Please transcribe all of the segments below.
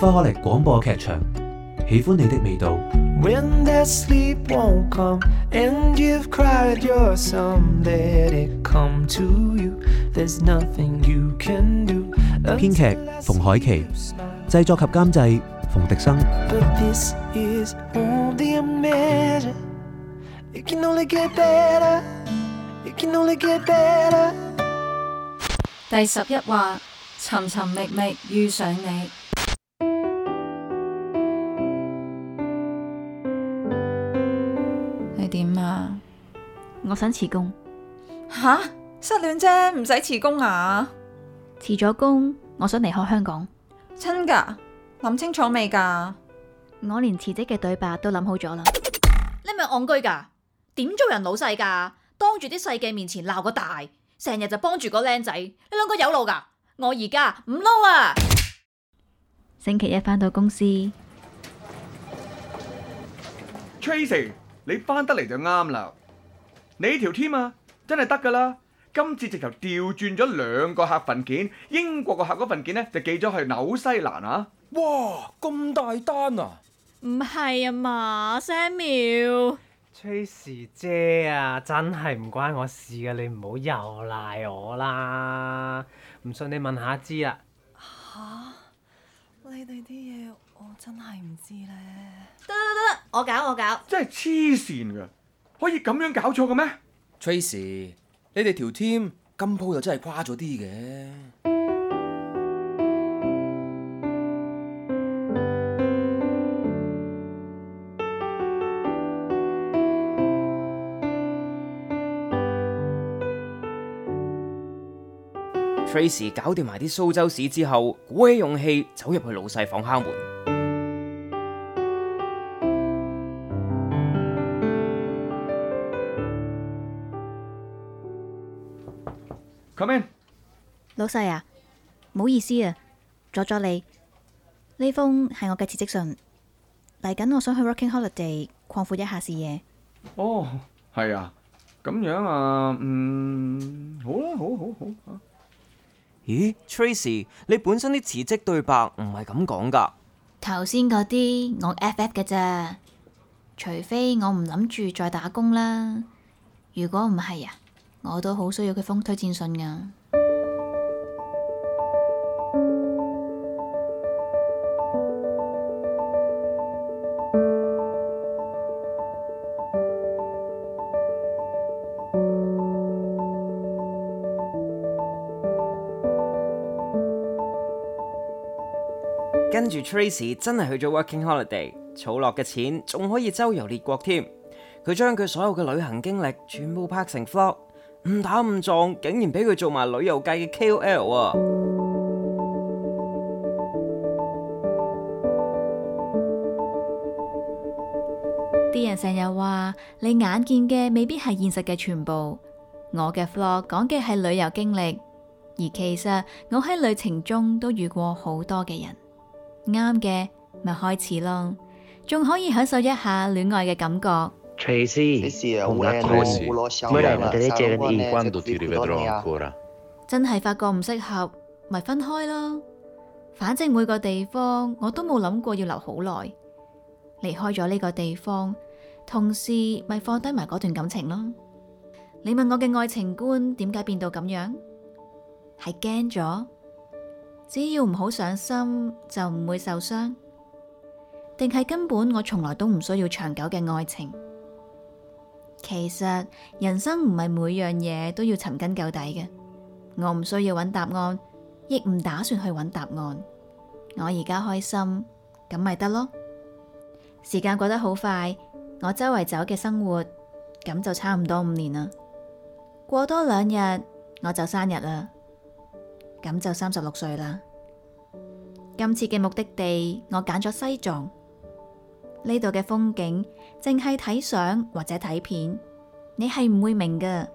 花花力廣播劇場，喜歡你的味道。編劇馮海琪，製作及監製馮迪生。第十一話，尋尋覓覓遇上你。我想辭工，吓失戀啫，唔使辭工啊！辭咗工，我想離開香港。真噶？諗清楚未噶？我連辭職嘅對白都諗好咗啦。你咪戇居噶？點做人老細噶？當住啲細嘅面前鬧個大，成日就幫住個靚仔。你兩個有路噶？我而家唔撈啊！星期一翻到公司，Tracy，你翻得嚟就啱啦。你條天啊，真係得噶啦！今次直頭調轉咗兩個客份件，英國個客嗰份件呢，就寄咗去紐西蘭啊！哇，咁大單啊！唔係啊嘛，Samuel，崔氏姐啊，真係唔關我事啊！你唔好又賴我啦！唔信你問下知啊！吓？你哋啲嘢我真係唔知咧。得得得得，我搞我搞。真係黐線噶！可以咁樣搞錯嘅咩？Tracy 你哋條 team 今鋪又真係誇咗啲嘅。Tracy 搞掂埋啲蘇州市之後，鼓起勇氣走入去老細房敲門。Come 老細啊，唔好意思啊，阻咗你。呢封係我嘅辭職信。嚟緊我想去 working holiday 擴闊一下視野。哦，係啊，咁樣啊，嗯，好啦，啊，好，啊，好，啊，好。咦，Tracy，你本身啲辭職對白唔係咁講噶。頭先嗰啲我 FF 嘅啫，除非我唔諗住再打工啦。如果唔係啊？我都好需要佢封推薦信㗎。跟住 Tracy 真係去咗 Working Holiday，儲落嘅錢仲可以周遊列國添。佢將佢所有嘅旅行經歷全部拍成 Vlog。誤打誤撞，竟然俾佢做埋旅遊界嘅 KOL 啊！啲人成日話，你眼見嘅未必係現實嘅全部，我嘅 Vlog 講嘅係旅遊經歷，而其實我喺旅程中都遇過好多嘅人。啱嘅咪開始咯，仲可以享受一下戀愛嘅感覺。Crazy，好叻，Crazy。咪係我哋呢隻眼光都睇到幾多呢？真係發覺唔適合，咪分開咯。反正每個地方我都冇諗過要留好耐，離開咗呢個地方，同時咪放低埋嗰段感情咯。你問我嘅愛情觀點解變到咁樣，係驚咗。只要唔好上心，就唔會受傷。定係根本我從來都唔需要長久嘅愛情？其實人生唔係每樣嘢都要尋根究底嘅，我唔需要揾答案，亦唔打算去揾答案。我而家開心，咁咪得咯。時間過得好快，我周圍走嘅生活，咁就差唔多五年啦。過多兩日，我就生日啦，咁就三十六歲啦。今次嘅目的地，我揀咗西藏。呢度嘅風景淨係睇相或者睇片，你係唔會明㗎，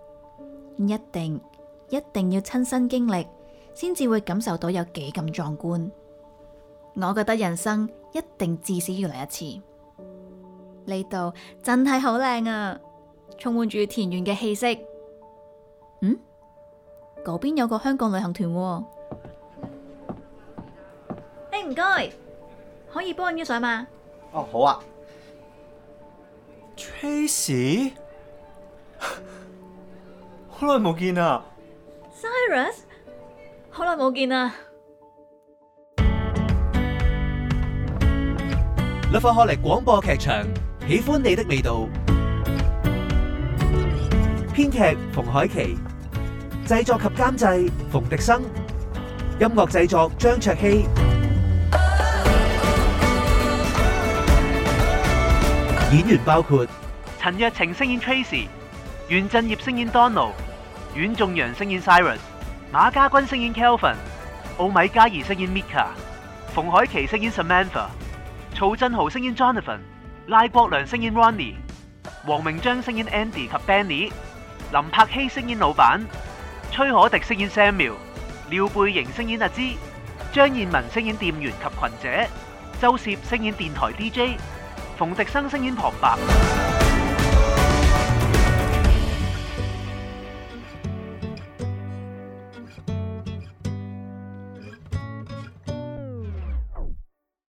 一定一定要親身經歷先至會感受到有幾咁壯觀。我覺得人生一定至少要嚟一次。呢度真係好靚啊，充滿住田園嘅氣息。嗯，嗰邊有個香港旅行團。哦。誒，唔該，可以幫我影相嗎？哦，oh, 好啊。Tracy，好 耐冇見啊，Cyrus，好耐冇見啦。樂凡學嚟廣播劇場，喜歡你的味道。編劇馮海琪，製作及監製馮迪生，音樂製作張卓熙。演員包括陳若晴飾演 Tracy、袁振業飾演 Donald、阮仲陽飾演 Sirus、馬家軍飾演 Kelvin、奧米嘉怡飾演 Mika、馮海琪飾演 Samantha、曹振豪飾演 Jonathan、賴國良飾演 Ronnie、黃明章飾演 Andy 及 Benny、林柏希飾演老闆、崔可迪飾演 Samuel、廖貝瑩飾演阿芝、張燕文飾演店員及群姐、周攝飾演電台 DJ。馮迪生聲演旁白。